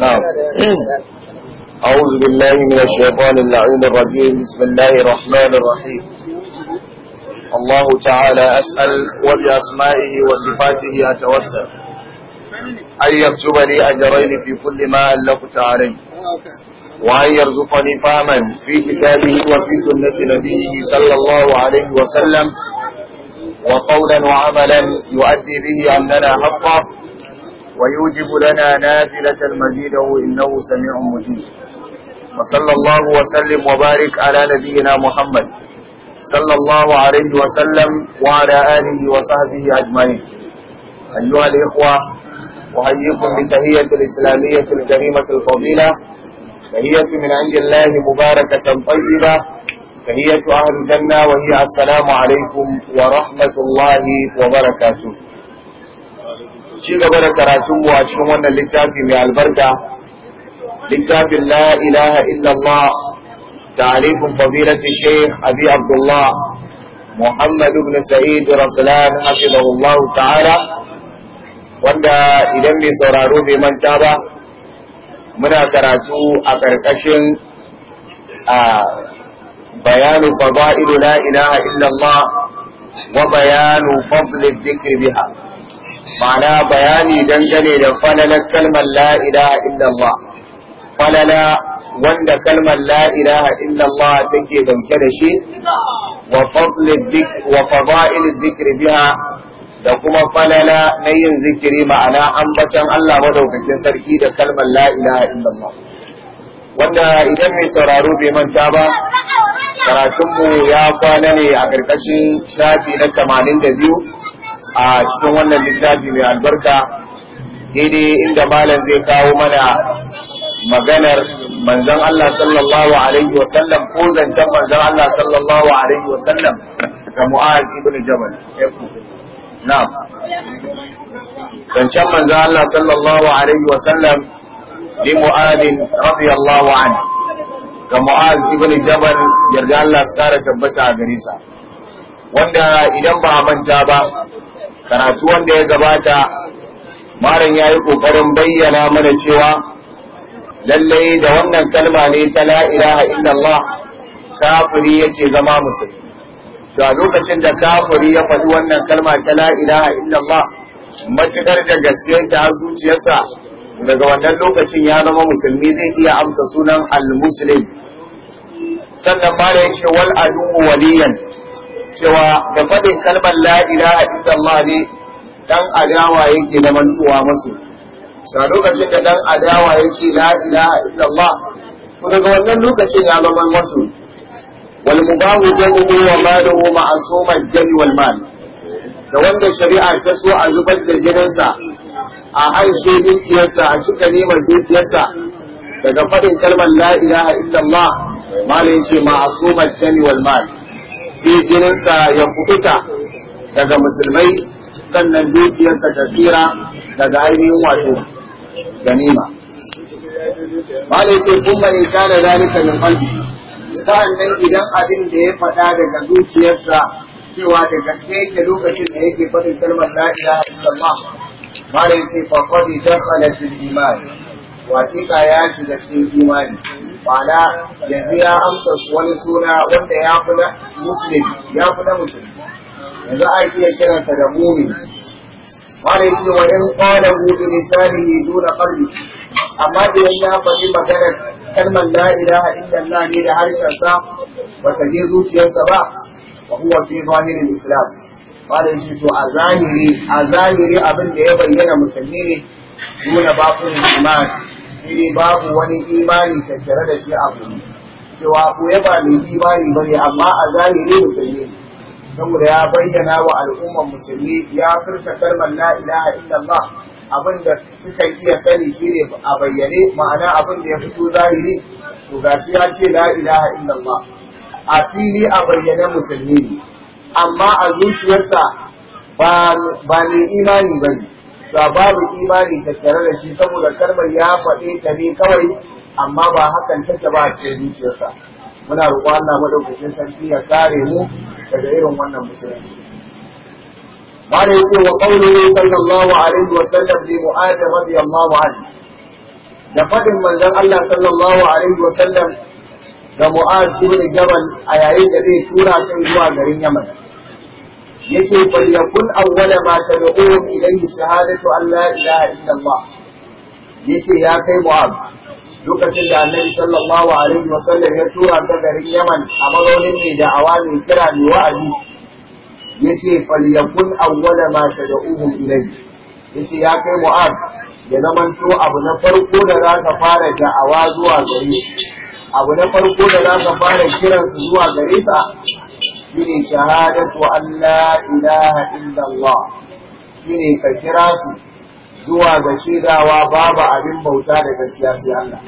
نعم أعوذ بالله من الشيطان اللعين الرجيم بسم الله الرحمن الرحيم الله تعالى أسأل وبأسمائه وصفاته أتوسل أن يكتب لي أجرين في كل ما ألفت عليه وأن يرزقني فهما في كتابه وفي سنة نبيه صلى الله عليه وسلم وقولا وعملا يؤدي به أننا حقا ويوجب لنا نافلة مزيده إنه سميع مجيب وصلى الله وسلم وبارك على نبينا محمد صلى الله عليه وسلم وعلى آله وصحبه أجمعين أيها الإخوة أحييكم بتهية الإسلامية الكريمة الفضيلة تهية من عند الله مباركة طيبة تهية أهل الجنة وهي السلام عليكم ورحمة الله وبركاته ci gaba da karatun mu a cikin wannan littafi mai albarka littafin la ilaha illallah ta'alifin fadilati shaykh abi abdullah muhammad ibn sa'id raslan hafizahullah ta'ala wanda idan mai sauraro bai manta ba muna karatu a karkashin a bayanu fadailu la ilaha illallah wa bayanu fadl dhikri biha ma'ana bayani dangane da falalar kalmar la ilaha illallah falala wanda kalmar la illallah take dauke da shi wa fada'il zikri biha da kuma falala na yin zikiri ma'ana ambaton Allah madaukakin sarki da kalmar la illallah wanda idan mai sauraro bai manta ba karatunmu ya kwana ne a ƙarƙashin shafi na 82 a cikin wannan littafi mai albarka daidai inda malam zai kawo mana maganar manzon Allah sallallahu alaihi wasallam ko zancen manzon Allah sallallahu alaihi wasallam ga Mu'az ibn Jabal na'am zancen manzon Allah sallallahu alaihi wasallam li Mu'az radiyallahu anhu ga Mu'az ibn Jabal yarda Allah ya tabbata a gare sa wanda idan ba a manta ba karatu wanda ya gabata marin ya yi ƙoƙarin bayyana mana cewa lallai da wannan kalma ne ta la ilaha illallah kafiri yake zama musulmi to a lokacin da kafiri ya faɗi wannan kalma ta la ilaha illallah matukar da gaske ta zuciyarsa daga wannan lokacin ya zama musulmi zai iya amsa sunan al-muslim sannan mara ya yake wal waliyan cewa da faɗin kalmar la ilaha illallah ne dan adawa yake da mantuwa masu sa lokacin da dan adawa yake la ilaha illallah ko daga wannan lokacin ya zama masu wal mubahu jamuhu wa maluhu ma'suman jami wal mal da wanda shari'a ta so a zubar da jininsa a haishe dukiyarsa a cika neman dukiyarsa daga faɗin kalmar la ilaha illallah malin ce ma'suman jami wal mal sai ya kubuta daga musulmai sannan dukiyarsa ta tsira daga ainihin wato ganima malaikai kuma ta da zalika min sa’an nan idan abin da ya faɗa daga dukiyarsa cewa da gaske yake lokacin da yake faɗin kalmar la ilaha illallah malaikai fa qad ta fil iman wa ya shiga cikin imani ma'ana yanzu ya amsa wani suna wanda ya fi na musulmi ya fi na musulmi yanzu a iya kiransa da muni wani ce wa in qala hu bi lisanihi duna qalbi amma idan ya faɗi maganar kalmar la a illallah ne da harkarsa ba ta je zuciyarsa ba wa kuma fi zahirin islam wani ce to a zahiri a zahiri abin da ya bayyana musulmi ne duna bakun imani shi ne babu wani imani tattare da shi a kuma cewa ko ya ba mai imani bane amma a zahiri musulmi saboda ya bayyana wa al'ummar musulmi ya furta kalmar la ilaha illallah abin da suka iya sani shine a bayyane ma'ana abin da ya fito zahiri to gashi ya ce la ilaha illallah a fili a bayyane musulmi amma a zuciyarsa ba mai imani bane ba babu imani tattare da shi saboda karbar ya faɗe ta ne kawai amma ba hakan take ba a cikin zuciyarsa muna roƙo Allah madaukakin sarki ya kare mu daga irin wannan musulunci bada yace wa qawluhu sallallahu alaihi wa sallam li mu'adh radiyallahu anhu da fadin manzon Allah sallallahu alaihi wa sallam ga mu'az ibn jabal a yayin da zai tura shi zuwa garin Yaman yace bal yakun awwala ma tad'uhum ilayhi shahadatu an la ilaha illallah yace ya kai mu'ab lokacin da annabi sallallahu alaihi wa sallam ya tura ta garin yaman a mazaunin mai da'awa mai kira mai wa'azi yace fal yakun awwala ma tad'uhum ilayhi yace ya kai mu'ab ya zamanto abu na farko da za ka fara da'awa zuwa gare abu na farko da za ka fara kiransu zuwa gare sa shine shahadatu an la ilaha illallah shine ka kira su zuwa ga shaidawa babu abin bauta da gaskiya sai Allah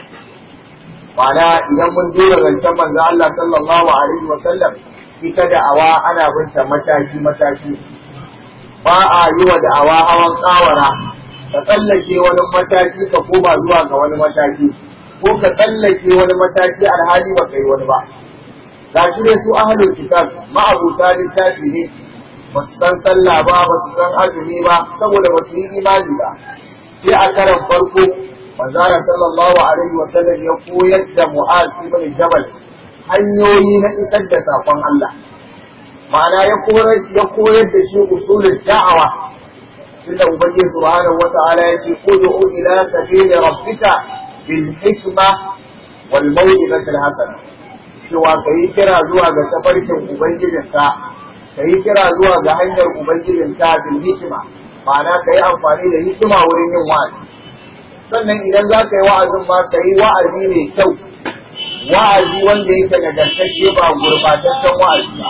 ma'ana idan mun dora zancen manzo Allah sallallahu alaihi wa sallam da awa ana binta mataki mataki ba a yi wa da'awa hawan tsawara ka tsallake wani mataki ka koma zuwa ga wani mataki ko ka tsallake wani mataki alhali ba kai wani ba ga shi ne su ahalin kitab ma'abuta littafi ne ba su san sallah ba ba su san azumi ba saboda ba su yi imani ba sai a karan farko manzara sallallahu alaihi wa sallam ya koyar da mu'az ibn jabal hanyoyi na isar da sakon Allah ma'ana ya koyar da shi usulul da'awa tunda ubangiji subhanahu wa ya ce ud'u ila sabili rabbika bil hikma wal mawidati al cewa ka yi kira zuwa ga tafarkin ubangijinka ka yi kira zuwa ga hanyar ubangijinka bil hikima ma'ana ka yi amfani da hikima wurin yin wa'azi sannan idan za ka yi wa'azin ma ka yi wa'azi mai kyau wa'azi wanda yake nagartacce ba gurbataccen wa'azi ba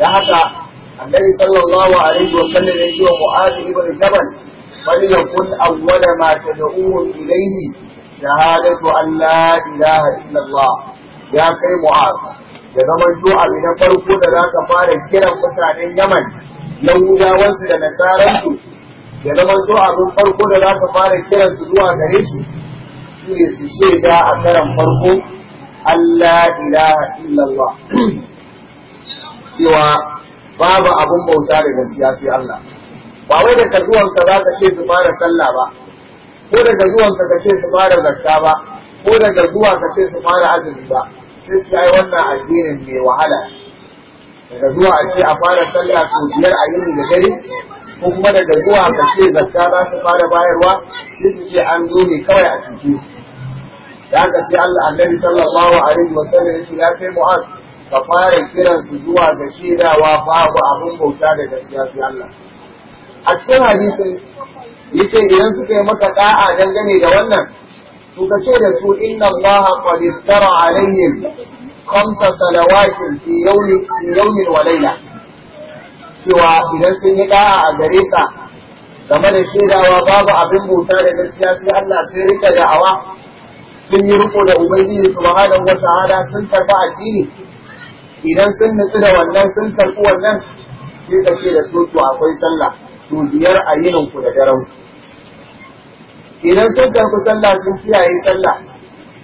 da haka annabi sallallahu alaihi wa sallam ya ce wa mu'adh ibn jabal فليكن أول ما تدعوهم إليه شهادة أن لا إله إلا الله ya kai Mu'ar da zaman ju'al na farko da za ka fara kiran mutanen yaman na hudawansu da nasaransu da zaman abin farko da za ka fara su zuwa gare shi shi ne su shaida a karan farko Allah ilaha illallah cewa babu abin bauta da gaskiya sai Allah ba wai da zuwanka za ka ce su fara sallah ba ko daga zuwanka ka ce su fara zakka ba ko da garguwa ka ce su fara azumi ba sai su yi wannan addinin mai wahala daga zuwa a ce a fara sallah sau biyar a yini da dare ko kuma daga zuwa ka ce zakka za su fara bayarwa sai su ce an zo ne kawai a cikin da aka ce Allah annabi sallallahu alaihi wa sallam ya ce ya mu'az ka fara kiran su zuwa ga shedawa babu abin bauta da gaskiya sai Allah a cikin hadisin yace idan suka yi maka da'a dangane da wannan su ka ce da su inna Allah qad iftara alaihim khamsa salawatin fi yawmi fi yawmi wa layla cewa idan sun yi da'a a gare ka game da shaidawa babu abin bauta da gaskiya sai Allah sai rika da'awa sun yi riko da ubangiji subhanahu wa ta'ala sun karba addini idan sun nutsu da wannan sun karbi wannan sai ka ce da su to akwai sallah su biyar a yininku da daren idan sun karɓi sallah sun kiyaye sallah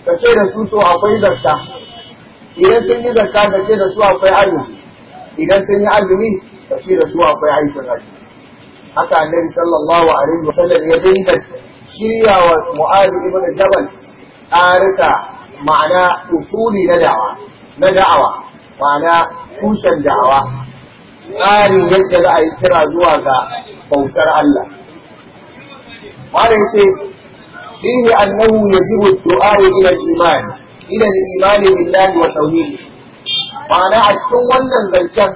ka ce da su to akwai zarta idan sun yi zarta ka ce da su akwai azumi idan sun yi azumi ka ce da su akwai aikin azumi haka annabi sallallahu alaihi wa sallam ya dinga shirya wa mu'adh ibn jabal arika ma'ana usuli na da'awa na da'awa ma'ana tushen da'awa tsarin yadda za a yi kira zuwa ga bautar Allah malam yace fihi annahu yajibu dua ila al-iman ila al-iman billahi wa tawhid ma'ana a cikin wannan zancen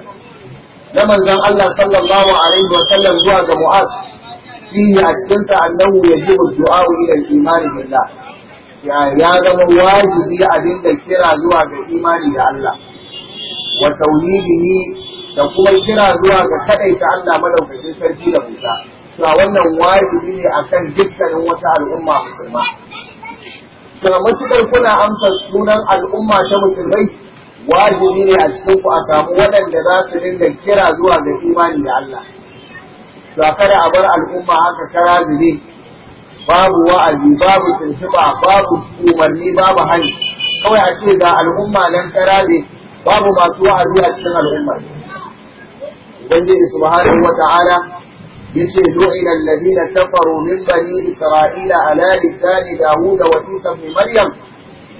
na manzon Allah sallallahu alaihi wa sallam zuwa ga Mu'az fihi a cikin sa annahu yajibu dua ila al-iman billah ya zama wajibi a dinga kira zuwa ga imani da Allah wa tauhidihi da kuma kira zuwa ga kadaita Allah madaukakin sarki da kusa cewa wannan wajibi ne akan dukkanin wata al'umma musulma to matukar kuna amsa sunan al'umma ta musulmai wajibi ne a cikin ku a samu waɗanda za su dinga kira zuwa ga imani da Allah to kada a bar al'umma haka kara zube babu wa'azi babu tuntuba babu umarni babu hali kawai a ce ga al'umma nan kara babu masu wa'azi a cikin al'umma ubangiji subhanahu wata'ala yace du'ina alladhina kafaru min bani isra'ila ala lisani daud wa isa ibn maryam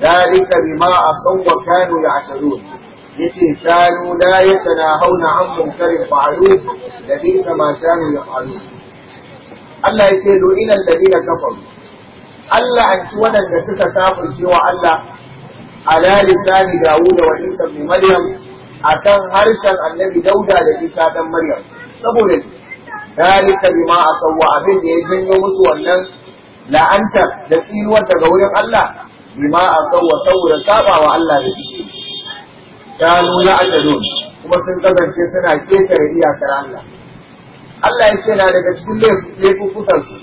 ذلك بما عصوا وكانوا يعتدون yace kanu la yatanahawna an munkarin fa'alu da bisa ma kanu yaf'alu Allah yace lu'ina alladhina kafaru Allah an ci wadanda suka kafirce wa Allah ala lisani Dawuda, wa Isa ibn Maryam akan harshen Annabi Dauda da Isa dan Maryam saboda ذلك بما da أبن يجن يومس ولن لا أنت لكين وتقول الله بما أسوا سورة سابع وألا يجي كانوا يعتدون kuma sun kazance suna ƙetare iyakar Allah. Allah ya ce na daga cikin laifukansu,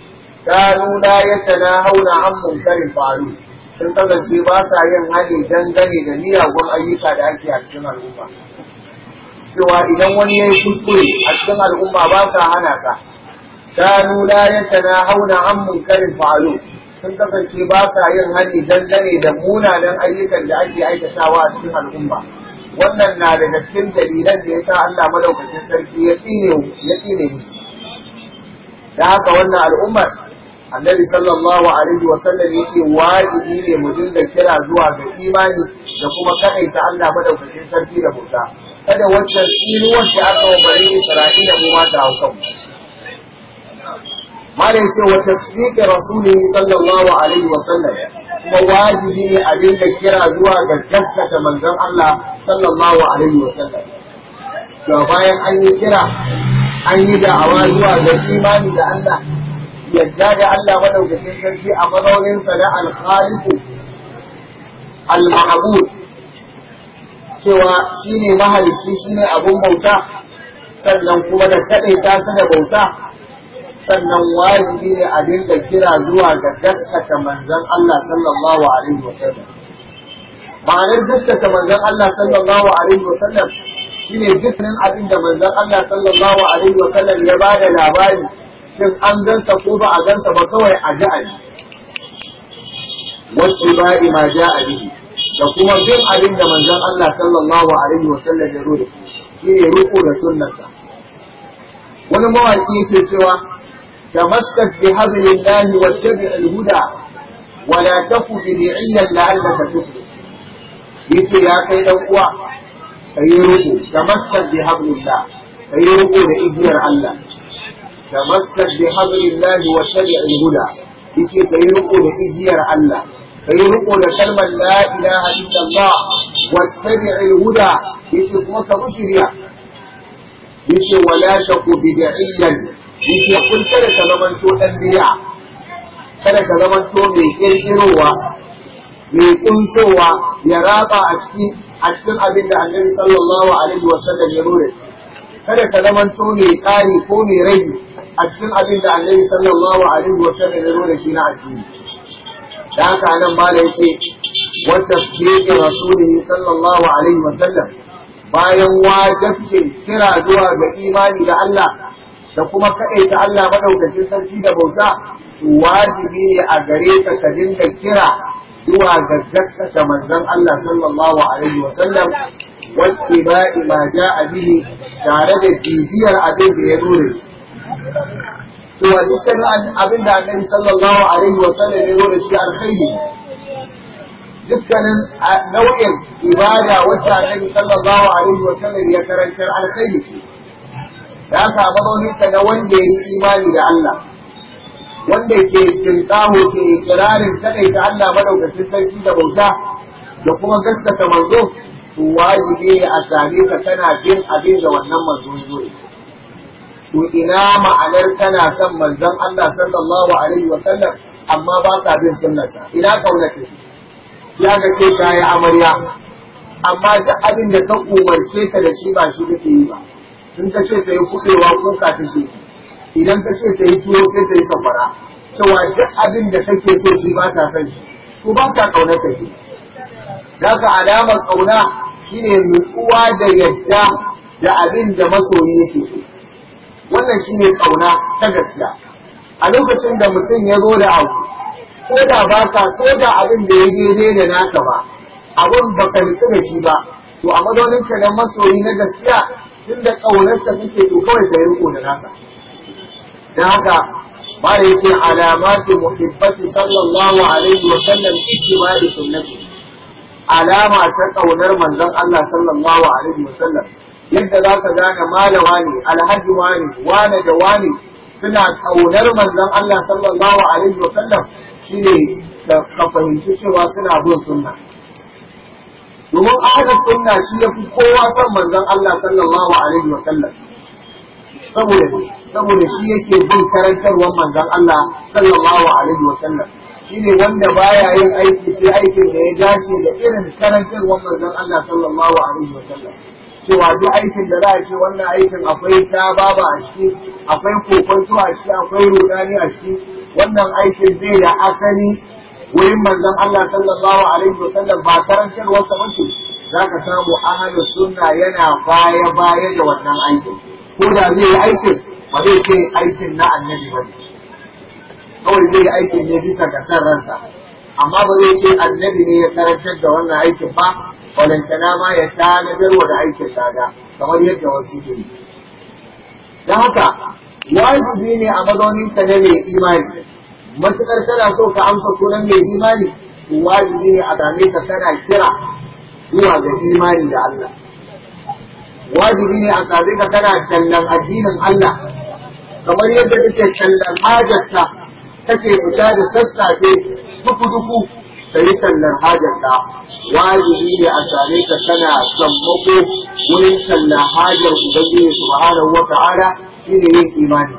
Ta nuna ya tana hauna an karin faru, sun kasance ba sa yin hali dangane da miyagun ayyuka da ake a cikin al'umma. cewa idan wani ya yi kuskure a cikin al'umma ba sa hana sa kanu na yantana hauna an munkarin fa'alu sun kasance ba sa yin hani dangane da munanan ayyukan da ake aikatawa a cikin al'umma wannan na daga cikin dalilan da ya sa Allah madaukakin sarki ya tsine ya tsine da haka wannan al'ummar annabi sallallahu alaihi wa sallam yace wajibi ne mu dinga kira zuwa ga imani da kuma kaɗaita Allah madaukakin sarki da bauta kada wacce tsinuwar da aka wa bari Isra'ila mu ma ta hauka mu malai ce wa tasdiqi rasulihi sallallahu alaihi wa sallam kuma wajibi ne a dinga kira zuwa ga gaskata manzon Allah sallallahu alaihi wa sallam to bayan an yi kira an yi da'awa zuwa ga imani da Allah yadda da Allah madaukakin sarki a mazauninsa na alkhaliku al-ma'bud cewa ne mahalicci shi ne abun bauta sannan kuma da kadaita su da bauta sannan wajibi ne a dinga kira zuwa ga gaskata manzon Allah sallallahu alaihi wasallam ma'anar gaskata manzon Allah sallallahu alaihi wasallam shine dukkanin abin da manzon Allah sallallahu alaihi wasallam ya ba da labari shin an gansa ko ba a gansa ba kawai a ji a yi wasu ba'i ma ja'a bihi da kuma bin abin da manzon Allah sallallahu alaihi wa sallam ya zo shi shi ne roƙo da sunnarsa wani mawaƙi yake cewa tamassak bi hablillahi wa al-huda wa la taku bi ni'iyyan la'allaka tuflih yace ya kai dan uwa kayi roƙo tamassak bi hablillah kayi roƙo da igiyar Allah tamassak bi hablillahi wattabi' al-huda yace kayi roƙo da igiyar Allah kai riko da kalmar la ilaha illallah wattabi'il huda yace kuma ka bi shari'a yace wala taku bid'iyyan yace kun kada ka zaman to dan bid'a kada ka zaman to mai kirkirowa mai kuntowa ya raba a cikin a cikin abin da Annabi sallallahu alaihi wasallam ya nuna kada ka zaman to mai kari ko mai rai, a cikin abin da Annabi sallallahu alaihi wasallam ya nuna shi na addini da haka ce, da yake wa tasdiqi rasulihi sallallahu alaihi wa sallam bayan wajibcin kira zuwa ga imani da Allah da kuma ta Allah madaukakin sarki da bauta wajibi ne a gare ka ka dinga kira zuwa ga gaskata manzon Allah sallallahu alaihi wa sallam ja'a bihi tare da bibiyar abin da ya يدوري cewa dukkanin abin da annabi sallallahu alaihi wa sallam ya gode shi alkhairi dukkanin nau'in ibada wacce annabi sallallahu alaihi wa sallam ya karantar alkhairi ce ya ka mazaunin ta na wanda ya yi imani da Allah wanda ke tintaho ke ikirarin kadai ta Allah madaukakin sarki da bauta da kuma gaskata manzo wajibi ne a same ka kana bin abin da wannan manzo ya to ina ma'anar kana son manzon Allah sallallahu alaihi wa sallam amma ba ka bin sunnarsa ina kauna ce Ya ga ce ta yi amarya amma da abin da ka umarce ta da shi ba shi kake yi ba in ka ce ta yi kuɗewa ka take idan ka ce ta yi tuwo sai ta yi safara cewa duk abin da kake so shi ba ta son shi ko ba ka kauna ta shi da ka alamar kauna shine nutsuwa da yadda da abin da masoyi yake so wannan shi ne kauna ta gaskiya a lokacin da mutum ya zo da abu ko da ba ka ko da abin da ya daidai da naka ba abin ba ka nutsu da shi ba to a madoninka ka na masoyi na gaskiya tun da ƙaunarsa kake to kawai ka yi riko da nasa don haka ba ya ce alamatu muhibbati sallallahu alaihi wa sallam da sunnati alama ta ƙaunar manzon Allah sallallahu alaihi wa sallam yadda za ka gane malawa ne alhaji wane wane da wane suna kaunar manzon Allah sallallahu alaihi wa sallam shine ka fahimci cewa suna bin sunna domin aka sunna shi ya fi kowa son manzon Allah sallallahu alaihi wa sallam saboda saboda shi yake bin karantarwar manzon Allah sallallahu alaihi wa sallam shine wanda baya yin aiki sai aikin da ya dace da irin karantarwar manzon Allah sallallahu alaihi wa sallam cewa duk aikin da za a ce wannan aikin akwai ta baba a ciki akwai kokonto a ciki akwai rudani a ciki wannan aikin zai da asali wurin manzon Allah sallallahu alaihi wasallam ba wasu ta bace ka samu ahlu sunna yana baya baya da wannan aikin ko da zai yi aikin ba zai ce aikin na annabi ba kawai zai yi aikin ne bisa ga san ransa amma ba zai ce annabi ne ya karantar da wannan aikin ba balantana ma ya tanadar wa da aikin lada kamar yadda wasu ke yi don haka wajibi ne a mazaunin ka na mai imani matukar tana so ka amsa sunan mai imani wajibi ne a game ka tana kira zuwa ga imani da Allah wajibi ne a same ka tana tallan addinin Allah kamar yadda take tallan hajarta take fita da sassafe duku-duku ta yi tallan hajarta wajibi ne a same ka kana sammako wurin talla hajar ubangiji subhanahu wa ta'ala shine yin imani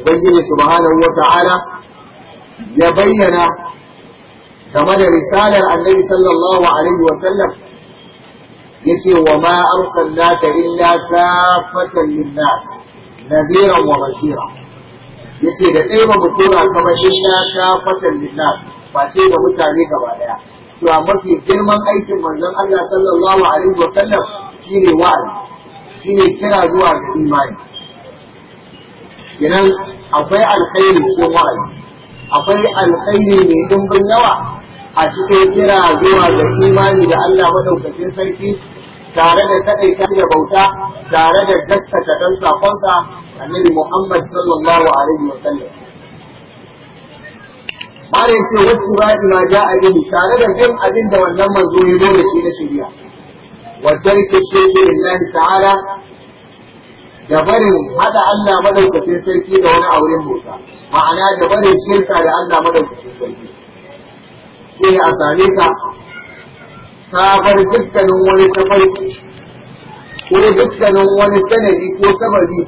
ubangiji subhanahu wa ta'ala ya bayyana game da risalar annabi sallallahu alaihi wa sallam yace wa ma arsalnaka illa kafatan lin-nas nadiran wa basira yace da ɗaya ba mu tura kamar illa kafatan lin-nas face da mutane gaba daya to amma mafi girman aikin manzon Allah sallallahu alaihi wa sallam shine wa'azi shine kira zuwa ga imani idan akwai alkhairi ko wa'azi akwai alkhairi mai dimbin yawa a cikin kira zuwa ga imani da Allah madaukakin sarki tare da kaɗaita da bauta tare da gaskata ɗan sakonsa annabi Muhammad sallallahu alaihi wa sallam bare ce wacce ba ja a gini tare da bin abin da wannan manzo ya zo da shi na shirya wa tarki shirki lillahi ta'ala da barin hada Allah madaukakin sarki da wani auren bota ma'ana da barin shirka da Allah madaukakin sarki ke a same ka ka bar dukkanin wani tafarki ko dukkanin wani sanadi ko sababi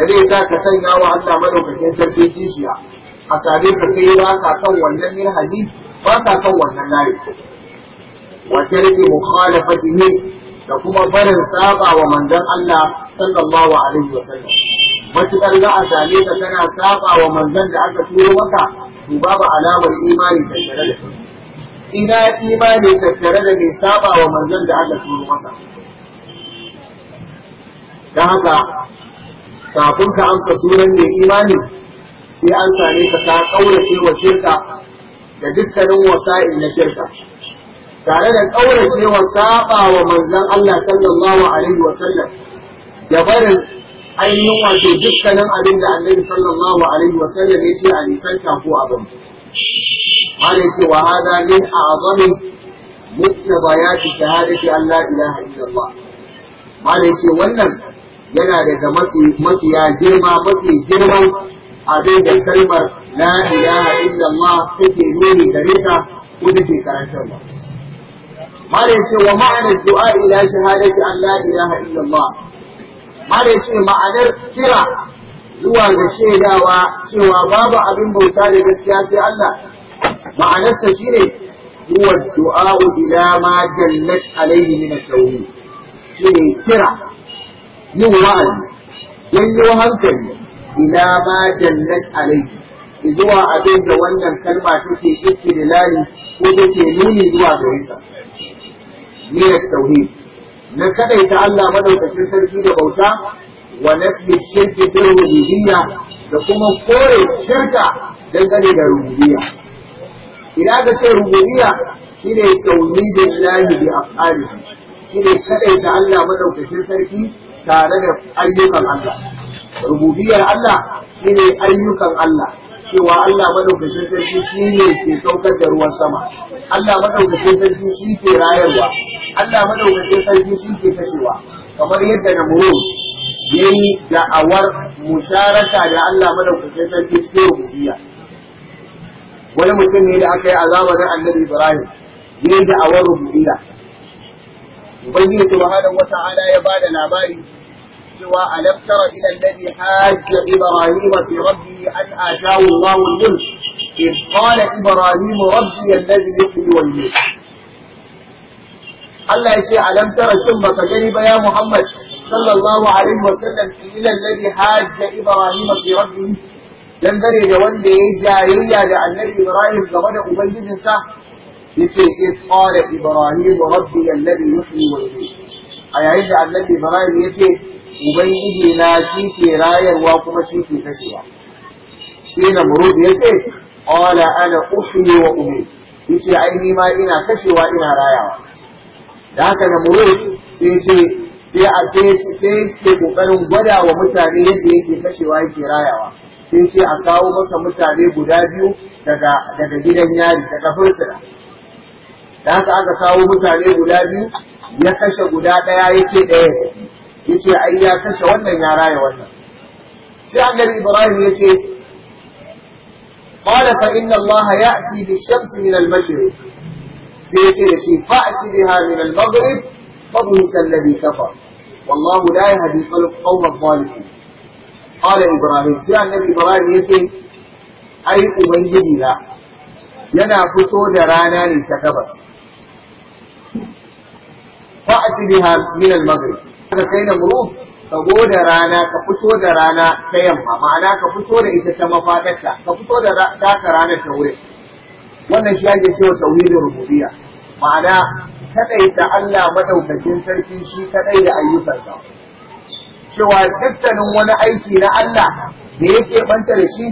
da zai sa ka sanya wa Allah madaukakin sarki kishiya a same ka kai ba ka kan wannan manhaji ba ka kan wannan layi wa tarki mukhalafatihi da kuma barin saba wa manzon Allah sallallahu alaihi wa sallam matukar za a same ka kana saba wa manzon da aka turo maka to babu alamar imani tattare da kai ina imani tattare da mai saba wa manzon da aka turo masa dan haka kafin ka amsa sunan mai imani sai an same ka ta kaurace wa shirka da dukkanin wasa'i na shirka tare da kaurace wa saba wa manzon Allah sallallahu alaihi wa sallam da barin ainihin wato dukkanin abin da annabi sallallahu alaihi wa sallam ya ce a nisanta ko abin Mala ce wa hada min a'zami muqtadayati shahadati Allah ilaha illallah Mala ce wannan yana daga mafi mafiya girma mafi girman abin da kalmar la ilaha illallah take nuni gare ta ko take karantarwa Mare ce wa ma'ana du'a ila shahadati an la ilaha illallah Mare ce ma'anar kira zuwa ga shaidawa cewa babu abin bauta da gaskiya sai Allah ma'anarsa shine huwa du'a ila ma jallat alayhi min at tawhid shine kira yin wa'azi yayyo hankali ila ma jannat alayhi zuwa abin da wannan kalma take da layi ko take nuni zuwa gare sa min tauhid na kadaita Allah madaukakin sarki da bauta wa nafi shirki bil rububiyya da kuma kore shirka dangane da rububiyya ila ga ce rububiyya shine tauhidin lahi bi af'alihi shine kadaita Allah madaukakin sarki tare da ayyukan Allah rububiyar Allah shi ne ayyukan Allah cewa Allah maɗaukacin sarki shi ne ke saukar da ruwan sama Allah maɗaukacin sarki shi ke rayarwa Allah maɗaukacin sarki shi ke kashewa kamar yadda na ya yi da'awar musharaka da Allah maɗaukacin sarki cikin rububiya wani mutum ne da aka yi a zamanin Annabi Ibrahim yi da'awar rububiya Ubangiji subhanahu ala ya bada labari سوى ألم تر إلى الذي حاج إبراهيم في ربه أن آتاه الله الملك إذ قال إبراهيم ربي الذي يحيي ويميت الله يا ألم تر ثم فجرب يا محمد صلى الله عليه وسلم إلى الذي حاج إبراهيم في ربه لم تر يجوان بإجاهية إيه لأنني إبراهيم قبل أبيض نساه إذ قال إبراهيم ربي الذي يحيي ويميت أي عند أن إبراهيم يتيه ubangiji na shi ke rayarwa kuma shi ke kashewa sai na murudu ya ce ana uhyi wa umu yace ai ni ma ina kashewa ina rayawa da haka na murudu sai ce sai a sai sai ke kokarin gwada wa mutane yadda yake kashewa yake rayawa sai ce a kawo masa mutane guda biyu daga gidan yari daga fursuna da haka aka kawo mutane guda biyu ya kashe guda ɗaya yake ɗaya yace ai ya kashe wannan ya raya wannan sai annabi ibrahim yace qala fa inna allaha ya'ti bi shamsi min al maghrib sai yace da shi fa'ti biha min al maghrib fadhlik alladhi kafar wallahu la yahdi al qawm al zalimin qala ibrahim sai annabi ibrahim yace ai ubangiji na yana fito da rana ne ta gabas fa'ti biha min al maghrib ka kai na muru ka go da rana ka fito da rana ta yamma ma'ana ka fito da ita ta mafaɗarta ka fito da taka ranar ta wuri wannan shi ake cewa tauhidin rububiyya ma'ana ta Allah madaukakin sarki shi kadai da ayyukansa cewa dukkanin wani aiki na Allah da yake banta da shi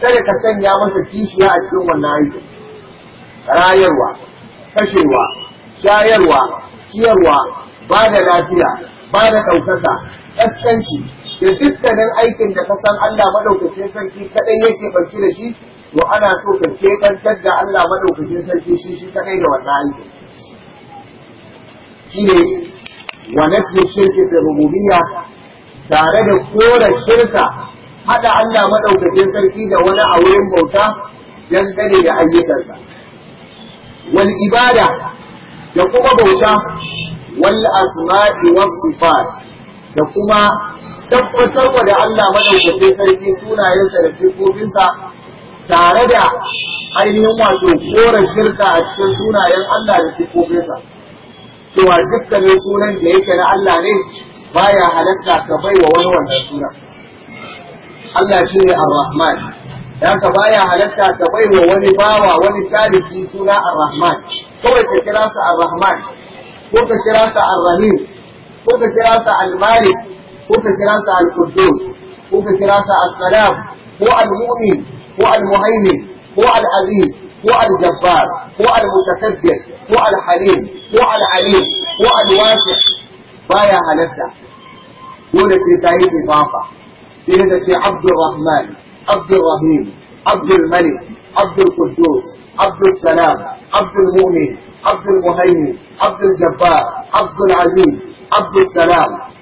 kada ka sanya masa kishiya a cikin wannan aiki rayarwa kashewa shayarwa ciyarwa ba da lafiya ba da ɗaukaka ƙaskanci da dukkanin aikin da ka san Allah maɗaukakin sarki kaɗai yake barci da shi to ana so ka keɓantar da Allah maɗaukakin sarki shi shi kaɗai da wannan aikin shine wa nafi shirki da rububiya tare da kora shirka haɗa Allah maɗaukakin sarki da wani a wurin bauta dangane da ayyukansa Wani ibada da kuma bauta wal asma'i was sifat da kuma tabbatarwa da Allah madaukakin sarki sunayensa da sifofinsa tare da ainihin wato kora shirka a cikin sunayen Allah da sifofinsa cewa dukkanin sunan da yake na Allah ne baya halatta ka bai wa wani wannan suna Allah shi ne Ar-Rahman dan ka baya halatta ka bai wa wani bawa wani talibi suna Ar-Rahman kawai ka kira su Ar-Rahman وك كراسة على الرميم وك كراسة على المالك وك كراسة على الكردوس وك كراسة على السلام هو المؤمن هو المهيمن هو العزيز هو الجبار هو المتكبر هو الحليم هو العليم هو الواسع بايا هلسة يقول سيدايتي بابا سيدتي عبد الرحمن عبد الرحيم عبد الملك عبد القدوس عبد السلام عبد المؤمن عبد المهيمن عبد الجبار عبد العزيز عبد السلام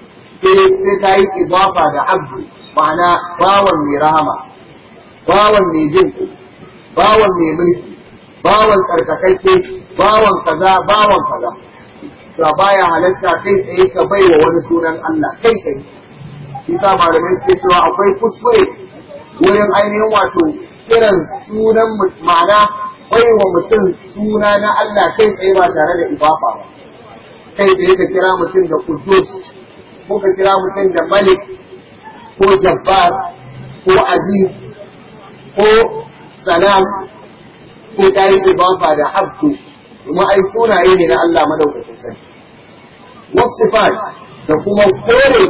sai ta yi idafa da abdu ma'ana bawan mai bawan mai bawan mai mulki bawan tsarkakakke bawan kaza bawan kaza to baya halarta kai tsaye ka bai wa wani sunan Allah kai tsaye shi ta malamai suke cewa akwai kuskure wurin ainihin wato kiran sunan ma'ana baiwa wa mutum suna na Allah kai tsaye ba tare da ibafa ba kai tsaye ka kira mutum da kudus ko ka kira mutum da malik ko jabbar ko aziz ko salam ko ta ibafa da abdu kuma ai sunaye ne na Allah madaukakin Wasu wasifat da kuma kore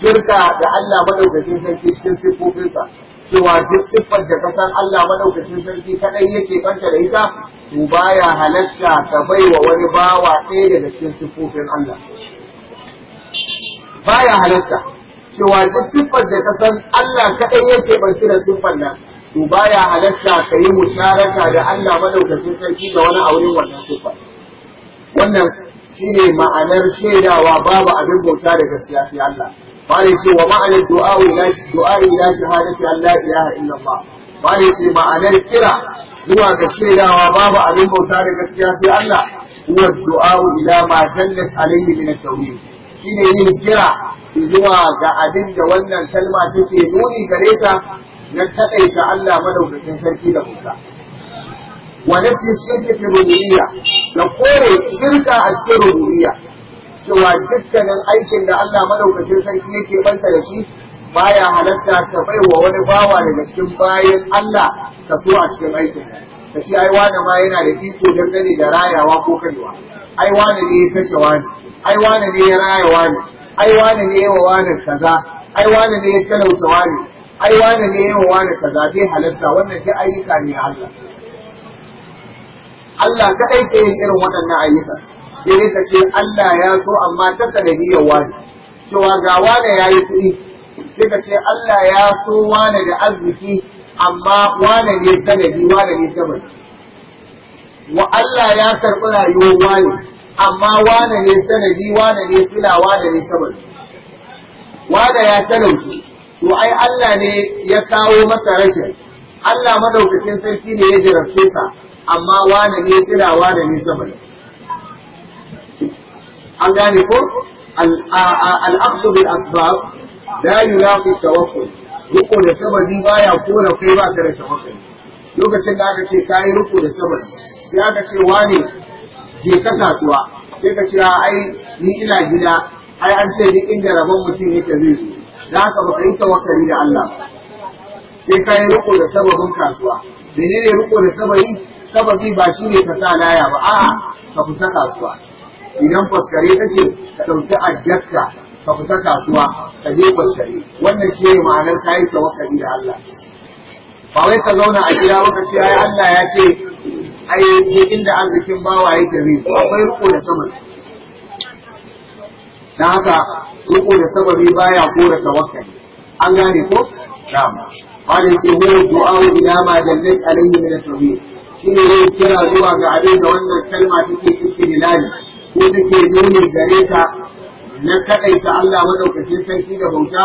shirka da Allah madaukakin sani cikin sifofinsa cewa duk siffar da kasan Allah madaukakin sarki kadai yake banta da ita to baya halatta ka baiwa wani bawa ɗaya daga cikin siffofin Allah baya halatta cewa duk siffar da kasan Allah kadai yake banta da siffar nan to baya halatta ka yi musharaka da Allah madaukakin sarki ga wani aure wannan siffar wannan shine ma'anar shaidawa babu abin bauta da gaskiya sai Allah قال يسي ومعنى الدعاء الى الدعاء الى شهاده ان لا اله الا الله قال da معنى الكرا هو تشيرا وباب ابي موتى لغسيا سي الله هو الدعاء الى ما دلت عليه من التوحيد shine yin kira zuwa ga abin da wannan kalma take nuni gare ta na taƙaita Allah madaukakin sarki da kuka. Wa nafi shirka ta rubuniya, na kore shirka a cikin rubuniya, cewa dukkanin aikin da Allah madaukakin sarki yake banta da shi baya halatta ka baiwa wani bawa daga cikin bayan Allah ka so a cikin aikin ka ce ai wani ma yana da iko dangane da rayawa ko karewa ai wani ne ya kashe wani ai wani ne ya raya wani ai wani ne ya wa wani kaza ai wani ne ya talauta wani ai wani ne ya wa wani kaza bai halatta wannan ke ayyuka ne Allah Allah kaɗai ke irin waɗannan ayyukan sai ka ce Allah ya so amma ta ya wani cewa ga wane ya yi kuɗi sai ka ce Allah ya so wane da arziki amma wane ne sanadi wane ne saman wa Allah ya karɓi rayuwar wane amma wane ne sanadi wane ne suna wane ne saman wane ya talauci to ai Allah ne ya kawo masa rashin Allah madaukakin sarki ne ya jarabce ka amma wane ne suna wane ne saman an gane ko al'aqdu bil asbab la yunaqi tawakkul ruko da sababi baya kora kai ba ka da tawakkul lokacin da aka ce kai ruko da sababi sai aka ce wane je ka kasuwa sai ka ce ai ni ina gida ai an ce duk inda rabon mutum yake zai zo da haka baka yi tawakkali da Allah sai kai ruko da sababin kasuwa menene ruko da sababi sababi ba shine ka sa laya ba a'a ka fita kasuwa idan faskare kake ka ɗauki addarka ka fita kasuwa ka je faskare wannan shi ne ma'anar ta yi tawakkali da Allah ba wai ka zauna a gida ba ka ce ai Allah ya ce ai duk inda arzikin bawa yake zai akwai riko da sama dan haka riko da sababi baya kora tawakkali an gane ko na'am قال يسمونه ma jannat alayhi min عليه من التوحيد شنو kira zuwa ga abin da wannan kalma take istidlali ko take nuni gare ta na kadaita Allah madaukakin sarki da bauta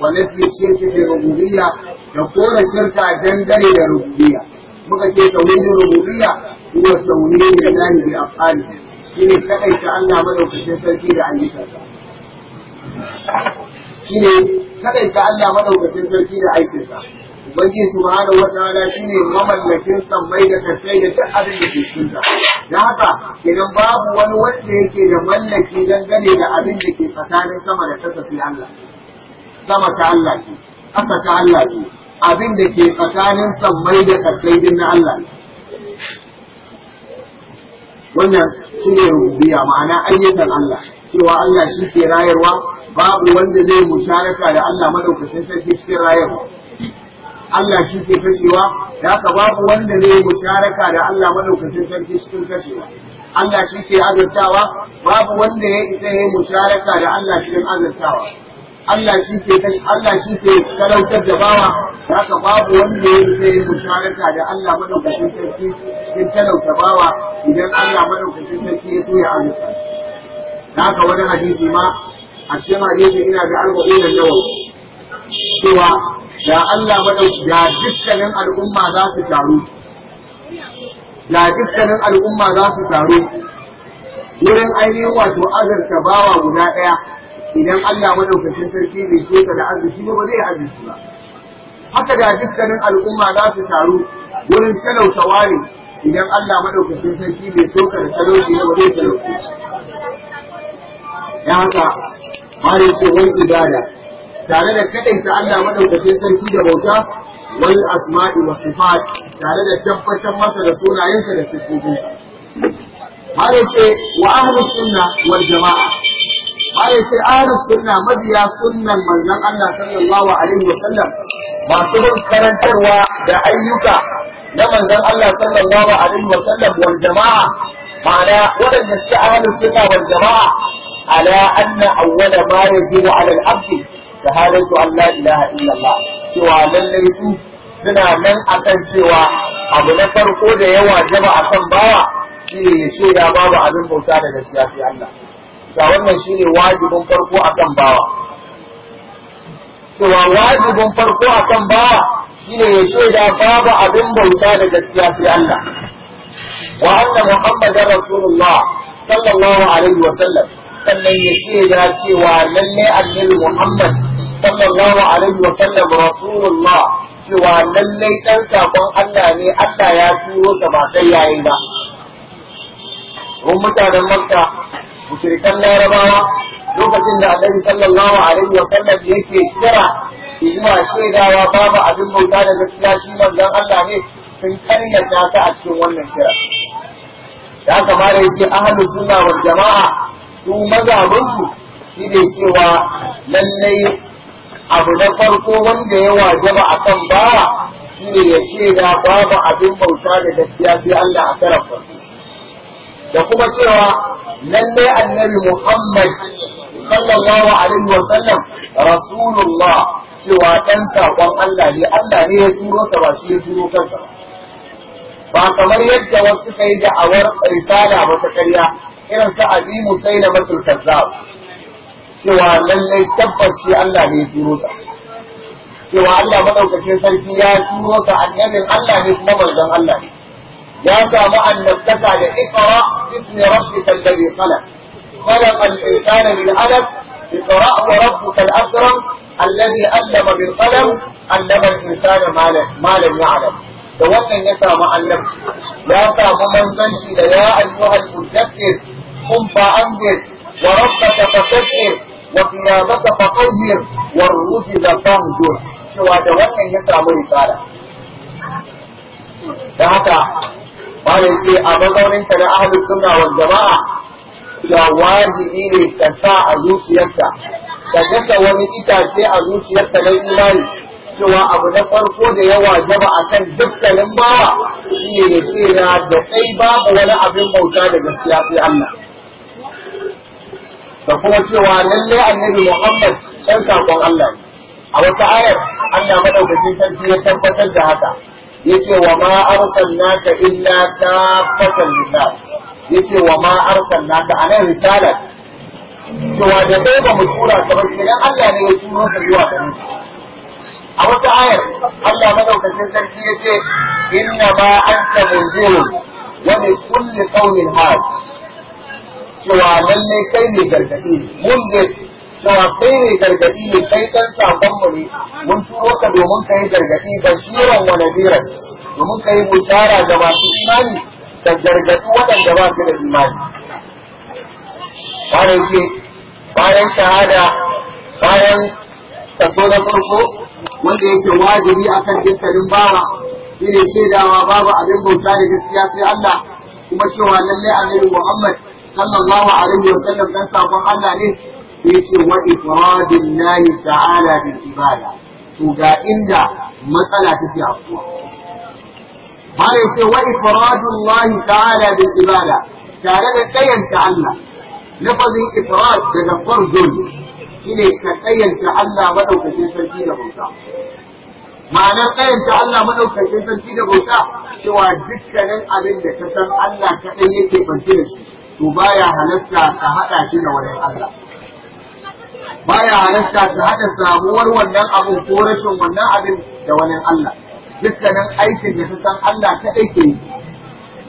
wa nafi shirki fi rububiyya da kora shirka dangane da rububiyya muka ce tauhidin rububiyya huwa tauhidin lillahi bi afali shine kadaita Allah madaukakin sarki da ayyukansa shine kadaita Allah madaukakin sarki da ayyukansa? ubangiji subhanahu ta'ala shine mamallakin sammai da kasai da duk abin da ke cikin ta da haka idan babu wani wanda yake da mallaki gane da abin da ke tsakanin sama da kasa sai Allah sama ta Allah ce kasa ta Allah ce abin da ke tsakanin sammai da kasai din na Allah wannan shi ne rubiya ma'ana ayyukan Allah cewa Allah shi ke rayarwa babu wanda zai musharaka da Allah madaukakin sarki cikin rayarwa Allah shi ke kashewa da haka babu wanda ne musharaka da Allah madaukakin sarki cikin kashewa Allah shi ke azurtawa babu wanda ya isa yi musharaka da Allah cikin azurtawa Allah shi ke Allah shi ke talautar da bawa da haka babu wanda ya isa yi musharaka da Allah madaukakin sarki cikin talauta bawa idan Allah madaukakin sarki ya so ya azurta da haka wani hadisi ma a cikin hadisi ina ga arba'in da nawa cewa da Allah madauki da dukkanin al'umma za su taru da dukkanin al'umma za su taru wurin ainihin wato azurta bawa guda ɗaya idan Allah madaukakin sarki bai so ka da arziki ba ba zai arziki ba haka da dukkanin al'umma za su taru wurin talauta ware idan Allah madaukakin sarki bai so ka da talauci ba zai talauci ya haka ma ce wani ibada tare da kadaita Allah madaukakin sarki da bauta wal asma'i wa sifat tare da tabbatar masa da sunayensa da sifofinsa har yace wa ahlus sunna wal jama'a har yace ahlus sunna mabiya sunnan manzon Allah sallallahu alaihi wa sallam masu bin karantarwa da ayyuka na manzon Allah sallallahu alaihi wa sallam wal jama'a ma'ana waɗanda suke ahlus sunna wal jama'a ala anna awwala ma yajibu ala al-abdi shahadatu an la ilaha illallah cewa lallai su suna nan akan cewa abu na farko da yawa jaba akan bawa Shi ne ya shaida babu abin bauta da gaskiya sai Allah ga wannan shi ne wajibin farko akan bawa cewa wajibin farko akan bawa Shi ne ya shaida babu abin bauta da gaskiya sai Allah wa anna muhammadar rasulullah sallallahu alaihi wa sallam sannan ya shaida cewa lalle annabi muhammad sallallahu alaihi wa sallam rasulullah cewa lallai dan sakon Allah ne Allah ya turo ta ba sai yayi ba mun mutanen Makka mushrikan Larabawa lokacin da Annabi sallallahu alaihi wa sallam yake kira ijma shaidawa babu abin bauta da gaskiya shi manzon Allah ne sun karyata ta a cikin wannan kira da haka ma da yace ahlus sunna wal jamaa su shi shine cewa lallai abu na farko wanda ya wajaba a kan shi ne ya ce na babu abin bauta da gaskiya sai Allah a karan farko da kuma cewa lalle annabi Muhammad sallallahu alaihi wa sallam rasulullah cewa dan sakon Allah ne Allah ne ya turo sa ba shi ya turo kansa ba kamar yadda wasu kai yi awar risala ba ta karya irin sa azimu sai na matul kazzab cewa lallai tabbas shi Allah ne turo sa cewa Allah madaukakin sarki ya turo sa annabin Allah ne kuma manzon Allah ne ya samu annabtaka da ikra ismi rabbika alladhi khalaq خلق الإنسان من علق اقرأ وربك الأكرم الذي علم بالقلم علم الإنسان ما لم يعلم da wannan ya samu annabci ya samu manzanci da ya ayyuhal mudaffir kun fa anzir wa rabbaka fasabbir وثيابك فطهر والرجل فاهجر cewa da wannan ya samu risala da haka bayan sai a mazauninka na ahli sunna wal jama'a cewa wajibi ne ka sa a zuciyarka ka dasa wani itace a zuciyarka na imani cewa abu na farko da ya wajaba a kan dukkanin bawa shi ne ya ce na da ɗai babu wani abin bauta da gaskiya sai Allah da kuma cewa lalle annabi Muhammad ɗan sakon Allah a wata ayar Allah madaukakin sarki ya tabbatar da haka yace wa ma arsalnaka illa kafatan linnas yace wa ma arsalnaka anan risalat cewa da dai ba mu tura ka ba sai Allah ne ya turo ka zuwa gare a wata ayar Allah madaukakin sarki yace inna ma anta munzirun wa li kulli qaumin hadi cewa lalle kai ne gargadi mun ne cewa kai ne gargadi ne kai kan sakon mu ne mun turo ka domin kai gargadi bashiran wa nadiran domin kai bushara ga masu imani da gargadi waɗanda ba su da imani bayan ke bayan shahada bayan kaso na farko wanda yake wajibi akan dukkanin bawa shine shaidawa babu abin bauta da gaskiya sai Allah kuma cewa lalle annabi Muhammad sallallahu alaihi wa sallam dan sabon Allah ne sai ce wa ifradin lahi ta'ala bil ibada to ga inda matsala take afkuwa bare sai wa ifradun lahi ta'ala bil ibada tare da tsayanta Allah lafazin ifrad daga fardun shine ka tsayanta Allah madaukakin sarki da bauta ma'anar tsayanta Allah madaukakin sarki da bauta cewa dukkanin abin da ka san Allah kaɗai yake kwance da shi to baya halatta ka haɗa shi da wani Allah baya halatta ka haɗa samuwar wannan abin ko rashin wannan abin da wani Allah dukkanin aikin da san Allah ta ke yi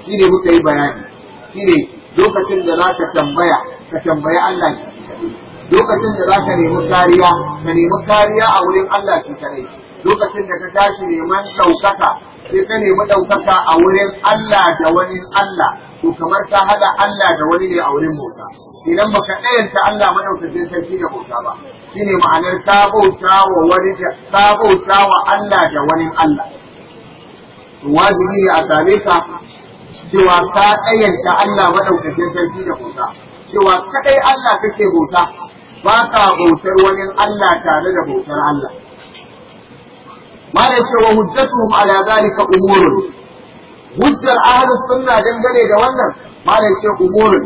shi ne muka yi bayani shi ne lokacin da za ka tambaya ka tambayi Allah shi lokacin da za ka nemi kariya ka nemi kariya a wurin Allah shi kadai lokacin da ka tashi neman ɗaukaka sai ka nemi ɗaukaka a wurin Allah da wani Allah to kamar ta hada Allah da wani ne a wurin bauta idan baka ɗayanta Allah madaukakin sarki da bauta ba shine ma'anar ta bauta wa wani da ta bauta wa Allah da wani Allah wajibi ne a same ka cewa ka ɗayanta Allah madaukakin sarki da bauta cewa kadai Allah kake bauta ba ka bautar wani Allah tare da bautar Allah ما يسوى هجتهم على ذلك أمور hujjar ahlus sunna dangane da wannan malam ce umurin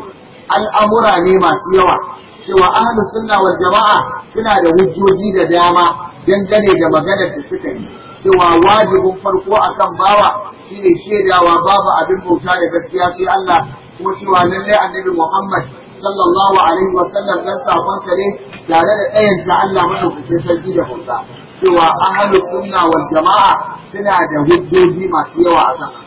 al'amura ne masu yawa cewa ahlus sunna wal jama'a suna da hujjoji da dama dangane da maganar da suka yi cewa wajibin farko akan bawa shine shaidawa babu abin bauta da gaskiya sai Allah kuma cewa lallai annabi Muhammad sallallahu alaihi wa sallam dan sakon sare ne tare da ɗayan sa Allah madaukakin sarki da bauta cewa ahlus sunna wal jama'a suna da hujjoji masu yawa akan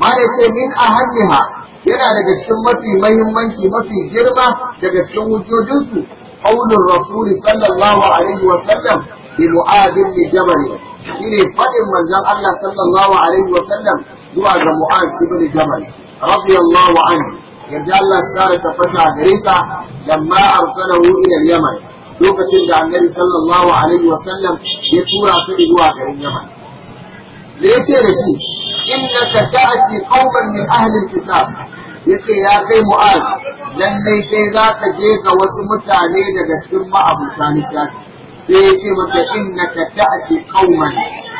ma ya ce min ahammiha yana daga cikin mafi mahimmanci mafi girma daga cikin wujudinsu qaulur rasul sallallahu alaihi wa sallam bi mu'ad bin jabal shine fadin manzon Allah sallallahu alaihi wa sallam zuwa ga mu'ad bin jabal radiyallahu anhu yadda Allah sare tabbata gare sa lamma arsalahu ila yaman lokacin da annabi sallallahu alaihi wa sallam ya tura su zuwa garin yaman da yace da shi innaka ta'ti qauman min ahli alkitab yace ya kai mu'az lallai kai za ka je ga wasu mutane daga cikin ma'abuta littafi sai ya ce masa innaka ta'ti qauman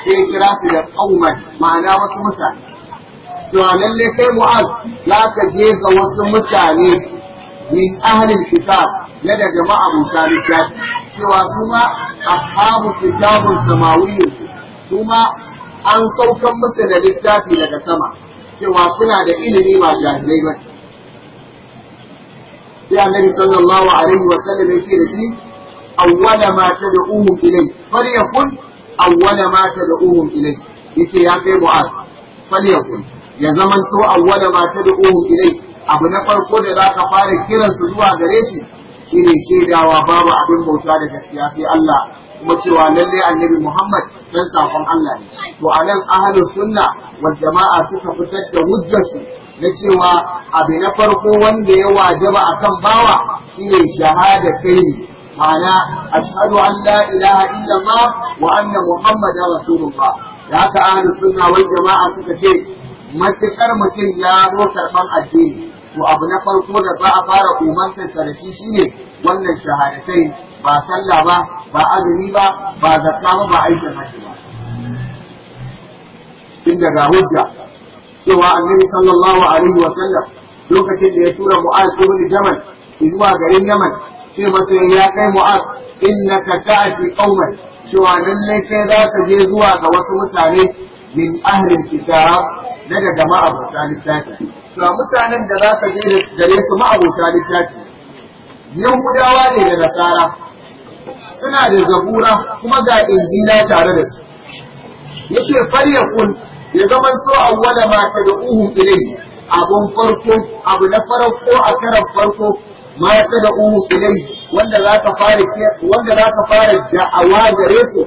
sai ya kira su da qauman ma'ana wasu mutane to lallai kai mu'az za ka je ga wasu mutane min ahli alkitab na daga ma'abuta littafi cewa su ma ashabu kitabun samawiyyun su ma an saukan masa da littafi daga sama cewa suna da ilimi ba jahilai ba sai annabi sallallahu alaihi wa sallam yake da shi awwala ma tad'uhum ilay falyakun awwala ma tad'uhum ilay yace ya kai mu'az falyakun ya zaman to awwala ma tad'uhum ilay abu na farko da zaka fara kiransu zuwa gare shi shine shaidawa babu abin bauta da gaskiya sai Allah kuma cewa lallai annabi Muhammad dan sakon Allah ne to anan ahlus sunna wal jama'a suka fitar da hujjarsu na cewa abu na farko wanda ya wajaba akan bawa shine shahada kai ma'ana ashhadu an la ilaha illallah wa anna muhammadar rasulullah da haka ahlus sunna wal jama'a suka ce matukar mutum ya zo karban addini to abu na farko da za a fara umartar sa da shi shine wannan shahadatai ba sallah ba ba azumi ba ba zakka ba ba aikin ba inda ga hujja cewa annabi sallallahu alaihi wa sallam lokacin da ya tura mu'az ibn jamal zuwa garin yaman sai masa ya kai mu'az innaka ta'ti qauman cewa lallai sai za ka je zuwa ga wasu mutane min ahlin kitab na daga ma'abota littafi cewa mutanen da za ka je gare su ma'abota littafi yahudawa ne da nasara suna da zabura kuma ga injila tare da su yace kun ya zama so a wala ma tad'uhum ilayhi abun farko abu na farko a karan farko ma uhu ilai wanda za ka fara wanda za ka fara da'awa da resu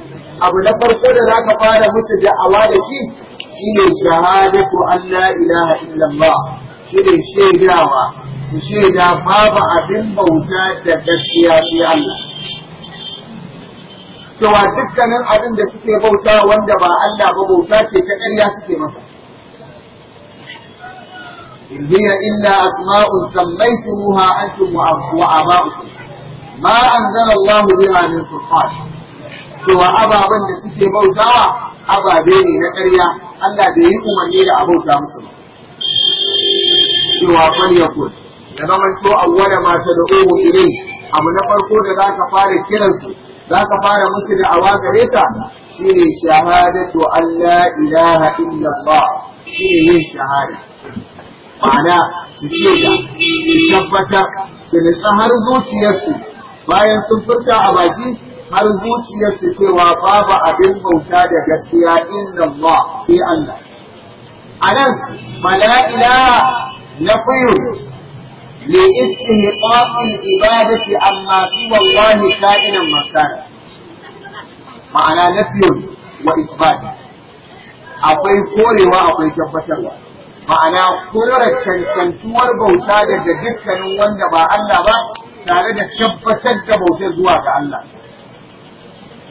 abu na farko da za ka fara musu da'awa da shi shine shahadatu an la ilaha illallah shine shaidawa su shaida babu abin bauta da gaskiya sai Allah cewa dukkanin abin da suke bauta wanda ba Allah ba bauta ce ta ƙarya suke masa in hiya illa asma'un sammaytumuha antum wa aba'ukum ma anzala Allah biha min sultan cewa ababen da suke bauta ababe ne na ƙarya Allah bai yi umarni da abauta musu ba cewa ya yakun da to awwala ma tad'uhu ilayhi abu na farko da zaka fara kiransu za ka fara musu da awa gare ta shi ne shahada to Allah ilaha illallah shi ne yin shahada ma'ana su ce da su tabbatar su nisa har zuciyarsu bayan sun furta a baki har zuciyarsu cewa babu abin bauta da gaskiya illallah sai Allah a nan mala'ila na fiyo لاستهقاق العبادة عما سوى الله كائنا ما كان معنى نفي وإثبات akwai korewa akwai tabbatarwa ma'ana kore cancantuwar bauta daga dukkanin wanda ba Allah ba tare da tabbatar da bautar zuwa ga Allah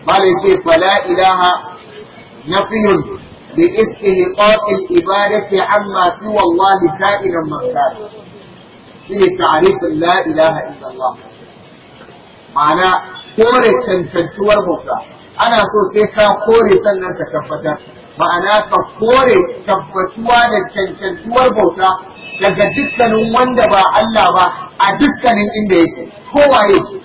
Bale ce fala ilaha nafiyun bi istihqaqil ibadati amma siwa Allah ka'idan man shine ta'arifin la ilaha illallah ma'ana kore cancantuwar bauta ana so sai ka kore sannan ka tabbatar ma'ana ka kore tabbatuwa da cancantuwar bauta daga dukkanin wanda ba Allah ba a dukkanin inda yake kowaye shi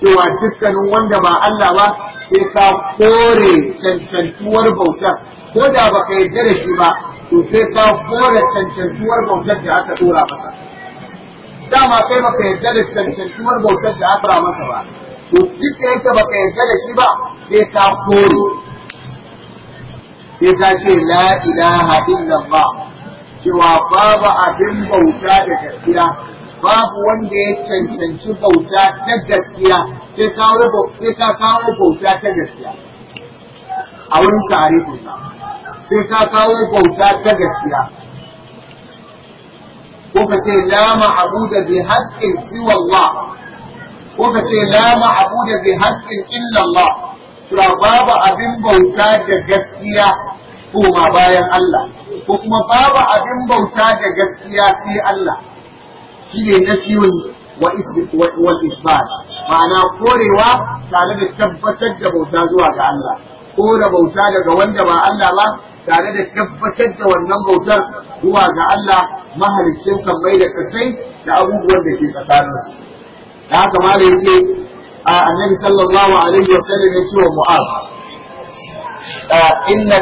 cewa dukkanin wanda ba Allah ba sai ka kore cancantuwar bautar ko da baka yarda da shi ba to sai ka kore cancantuwar bautar da aka dora masa dama kai baka yarda da cancantuwar bautar da aka masa ba to duk da yake baka yarda da shi ba sai ka kore sai ka ce la ilaha illallah cewa babu abin bauta da gaskiya babu wanda ya cancanci bauta ta gaskiya sai ka kawo bauta ta gaskiya a wurin tarihinsa sai ka kawo bauta ta gaskiya ko ka ce la ma'budu bi haqqin siwa Allah ko ka ce la ma'budu bi haqqin illa Allah cewa babu abin bauta da gaskiya ko ma bayan Allah ko kuma babu abin bauta da gaskiya sai Allah shine nafiyun wa wal isbat ma'ana korewa tare da tabbatar da bauta zuwa ga Allah ko da bauta daga wanda ba Allah ba tare da tabbatar da wannan bautar zuwa ga Allah mahalicin sammai da kasai da abubuwan da ke tsakaninsu da haka da yake a annabi sallallahu alaihi wa sallam ya ce wa mu'az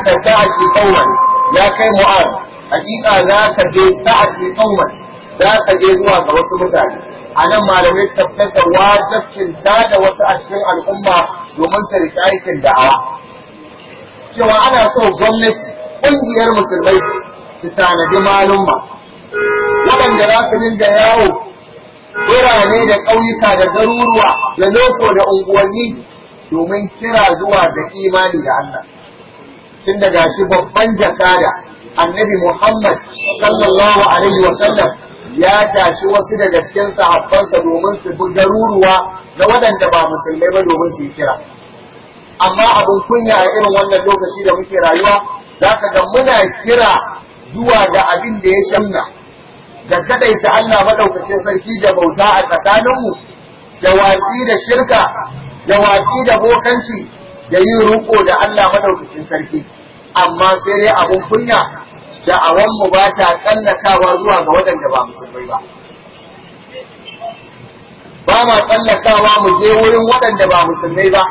ka ta'ti qauman ya kai mu'az hakika za ka je ta'ti qauman za ka je zuwa ga wasu mutane a nan malamai tabbatar da wajibcin ta da wasu a cikin al'umma domin ta riƙe aikin da'a. cewa ana so gwamnati ƙungiyar musulmai su tanadi malumma waɗanda za su dinga yawo birane da ƙauyuka da garuruwa da loko da unguwanni domin kira zuwa da imani da Allah tun daga shi babban jakada annabi Muhammad sallallahu alaihi wa sallam ya tashi wasu daga cikin sahabbansa domin su bi garuruwa na waɗanda ba musulmai ba domin su yi kira amma abin kunya a irin wannan lokaci da muke rayuwa za ka ga muna kira zuwa ga abin da ya shamna da kadaita Allah maɗaukacin sarki da bauta a tsakaninmu da watsi da shirka da watsi da bokanci da yin roƙo da Allah maɗaukacin sarki amma sai dai abun kunya da mu ba ta tsallakawa zuwa ga waɗanda ba musulmai ba ba ma tsallakawa mu je wurin waɗanda ba musulmai ba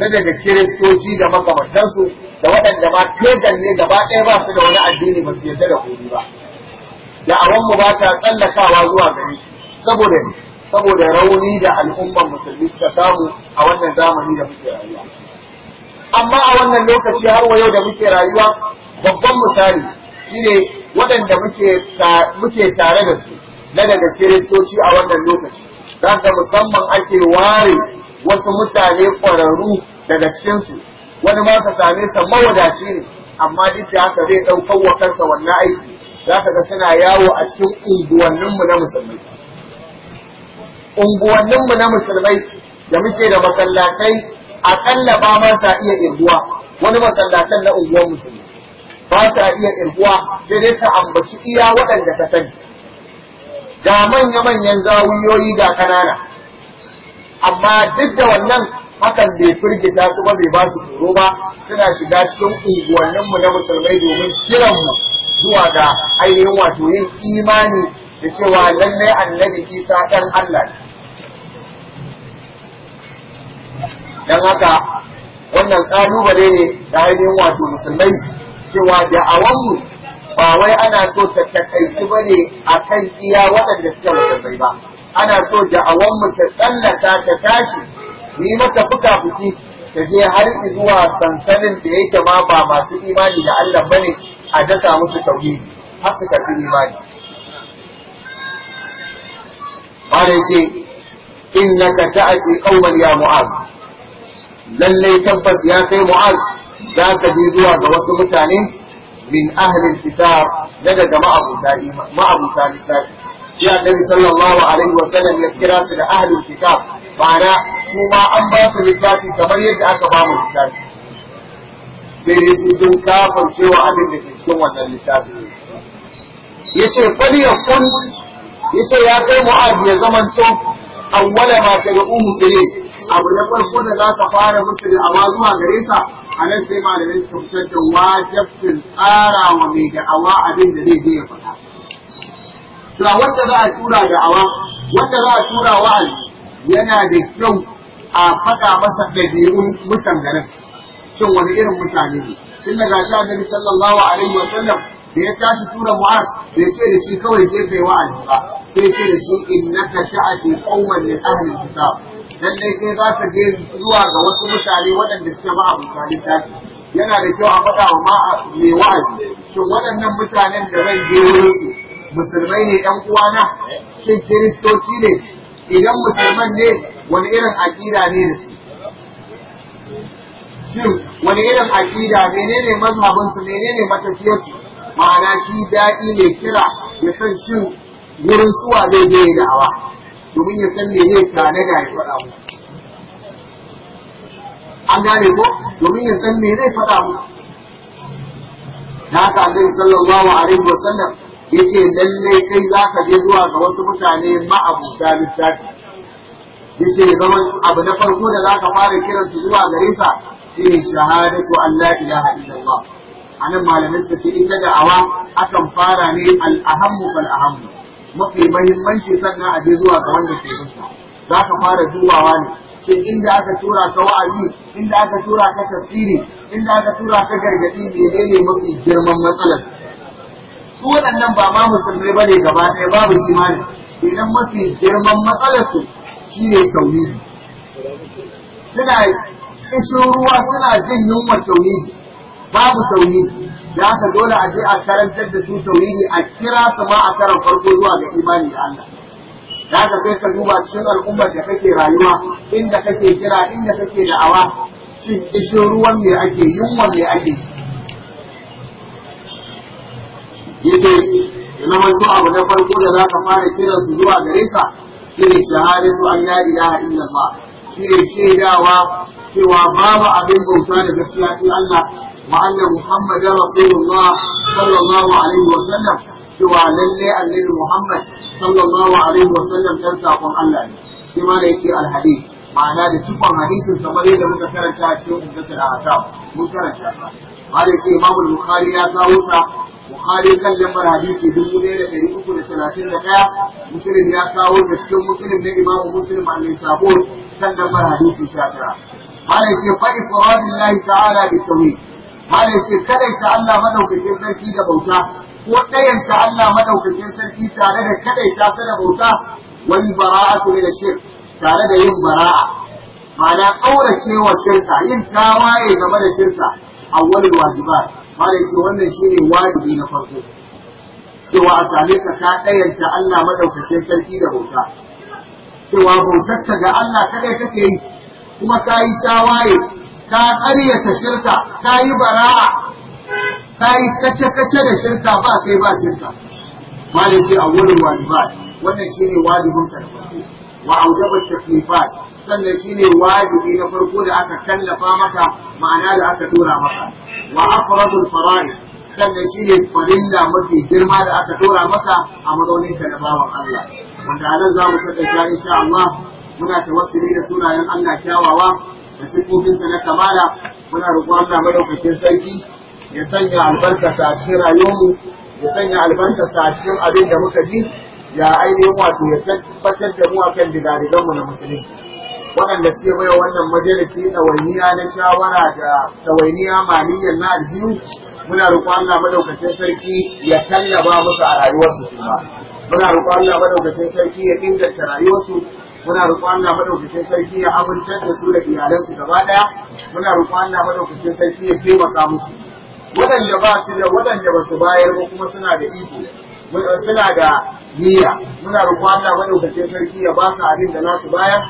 na daga kiristoci da makamantansu da waɗanda ma kegan ne gaba ɗaya ba su da wani addini ba su yarda da komi ba da awon mu ba ta tsallakawa zuwa gari saboda saboda rauni da al'umman musulmi suka samu a wannan zamani da muke rayuwa amma a wannan lokaci har wa yau da muke rayuwa babban misali shine waɗanda muke tare da su na daga kiristoci a wannan lokaci za musamman ake ware wasu mutane ƙwararru daga cikinsu wani ma ka same sa mawadaci ne amma duk da haka zai ɗaukar wa kansa wannan aiki za ka ga suna yawo a cikin unguwanninmu na musulmai unguwanninmu na musulmai da muke da masallatai aƙalla ba ma sa iya irguwa wani masallatan na unguwar musulmi ba sa iya irguwa sai dai ka ambaci iya waɗanda ka sani ga manya-manyan zawiyoyi ga ƙanana amma duk da wannan hakan bai firgita su ba bai ba su tsoro ba suna shiga cikin unguwanninmu na musulmai domin kiranmu zuwa ga ainihin wato yin imani da cewa lallai annabi isa ɗan allah ne don haka wannan ƙalubale ne da ainihin wato musulmai cewa da awanmu ba wai ana so ta takaitu ba ne a kan iya waɗanda suka musulmai ba ana so da awanmu ta tsallaka ta tashi mu yi mata fuka-fuki ta je har zuwa sansanin da ya ke ba masu imani da Allah bane a dasa musu tauhidi har su karbi imani bada ce innaka ta'ati qauman ya mu'az lallai tabbas ya kai mu'az za ka je zuwa ga wasu mutane min ahalin kitab na daga ma'abuta ma'abuta littafi ya annabi sallallahu alaihi wa sallam ya kira su da ahalin kitab bana su ma an ba su littafi kamar yadda aka ba mu littafi sai dai su sun kafa cewa abin da ke cikin wannan littafi ya ce fali ya kun ya ce ya kai mu'az ya zama to awwala ma ta da umu bile abu na farko da za ka fara musu da awa zuwa gare sa a nan sai ne su fitar da wajabcin tsara wa mai da awa abin da zai je ya faɗa. Tura wanda za a tura awa, wanda za a tura wa'azi, yana da kyau a faɗa masa ɗabi'un mutan garin shin wani irin mutane ne tun da gashi annabi sallallahu alaihi wa sallam da ya tashi tura mu'az da ya ce da shi kawai jefe wa'azi ba sai ya ce da shi innaka ta'ati qauman min ahli kitab dai sai za ka je zuwa ga wasu mutane waɗanda suke ma'abuta littafi yana da kyau a faɗa wa mai wa'azi shin waɗannan mutanen da zan je wurin su musulmai ne ɗan uwana shin kiristoci ne idan musulman ne wani irin aƙida ne da su shin wani irin aƙida menene mazhabinsu menene matafiyarsu ma'ana shi daɗi ne kira ya san shin wurin suwa zai je ya da'awa domin ya san me zai tare da ya faɗa mu an gane ko domin ya san me zai faɗa mu da haka annabi sallallahu alaihi wasallam yace lalle kai za ka je zuwa ga wasu mutane ma'abuta littafi yace zaman abu na farko da za ka fara kiran su zuwa gare sa shine shahadatu an la ilaha illallah anan malamai ce ita da awa akan fara ne al-ahammu mafi mahimmanci sannan a je zuwa ga wanda ke nufa za ka fara dubawa ne shin inda aka tura ka wa'azi inda aka tura ka tafsiri inda aka tura ka gargadi ne mafi girman matsalar su waɗannan ba ma musulmai ne gaba ɗaya babu imani idan mafi girman matsalarsu shi ne tauhidi suna ƙishin ruwa suna jin yunwa tauhidi babu tauhidi da ka dole a je a karantar da su tauhidi a kira su ma a karan farko zuwa ga imani da Allah da ka kai ka duba cikin al'ummar da kake rayuwa inda kake kira inda kake da'awa shin ƙishin ruwan me ake yunwa me ake yake na wasu abu na farko da za ka fara kiran su zuwa gare sa shi ne shahadatu an la ilaha illallah shi ne shaidawa cewa babu abin bauta da gaskiya sai Allah wa anna muhammadar rasulullah sallallahu alaihi wa sallam cewa lalle annabi muhammad sallallahu alaihi wa sallam dan sakon Allah ne shi ma da yake alhadith ma'ana da cikon hadisin kamar yadda muka karanta a cikin ummatul ahkam mun karanta sa ma da yake imamul bukhari ya kawo sa buhari kan lambar hadisi dubu ɗaya da ɗari uku da talatin da ɗaya, Muslim ya kawo da cikin Muslim na Imam Muslim a sabo kan lambar hadisi sha tara. Malam ce fa ifradin lahi ta'ala bi tawhid. Malam ce sha Allah madaukakin sarki da bauta ko sha Allah madaukakin sarki tare da kadaita sa da bauta wani bara'atu da shir, tare da yin bara'a. Ma'ana ƙaurace wa shirka yin tawaye game da shirka wani wajiba Mare ce wannan shi ne wajibi na farko. Cewa a same ka ka ɗayanta Allah maɗaukake sarki da bauta. Cewa bautarka ga Allah kaɗai kake yi, kuma ka yi tawaye, ka ƙaryata shirka, ka yi bara'a, ka yi kace-kace da shirka ba sai ba shirka. Mare ce a wurin wajibat, wannan shi ne wajibin karfafi. Wa aujabar taklifat, sannan shi ne wajibi na farko da aka tallafa maka ma'ana da aka tura maka wa afradul fara'id sannan shi ne farilla mafi girma da aka tura maka a mazaunin ka na bawan Allah wanda a nan za mu taƙaita insha Allah muna tawassuli da sunayen Allah kyawawa da sa na kamala muna roƙon Allah madaukakin sarki ya sanya albarkarsa a cikin rayuwarmu ya sanya albarka a cikin abin da muka ji ya ainihin wato ya tabbatar da mu akan digadiganmu na musulunci waɗanda suke baiwa wannan majalisi wainiya na shawara da wainiya maniyyar na biyu, muna roƙon Allah madaukakin sarki ya tallaba musu a rayuwarsu su ba muna roƙon Allah madaukakin sarki ya inganta rayuwarsu muna roƙon Allah madaukakin sarki ya amintar da su da iyalansu gaba ɗaya muna roƙon Allah madaukakin sarki ya taimaka musu waɗanda ba su da waɗanda ba su bayar ba kuma suna da iko suna da niyya muna roƙon Allah madaukakin sarki ya ba su abin da nasu bayar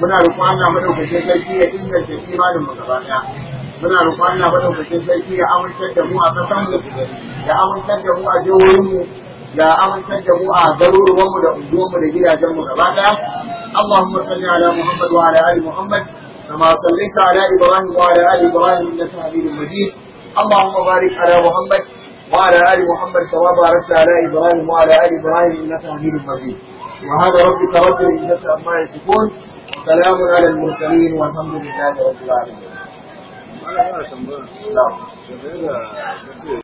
muna roƙon Allah madaukakin sarki ya inganta ke mu gaba ɗaya muna roƙon Allah madaukakin sarki ya amintar da mu a ƙasar mu ya amintar da mu a jihohin mu ya amintar da mu a garuruwan mu da unguwan mu da gidajen mu gaba ɗaya Allahumma salli ala Muhammad wa ala ali Muhammad kama sallaita ala Ibrahim wa ala ali Ibrahim innaka Hamidum Majid Allahumma barik ala Muhammad wa ala ali Muhammad kama barakta ala Ibrahim wa ala ali Ibrahim innaka Hamidum Majid وهذا ربك رب العزة عما يصفون سلام على المرسلين والحمد لله رب العالمين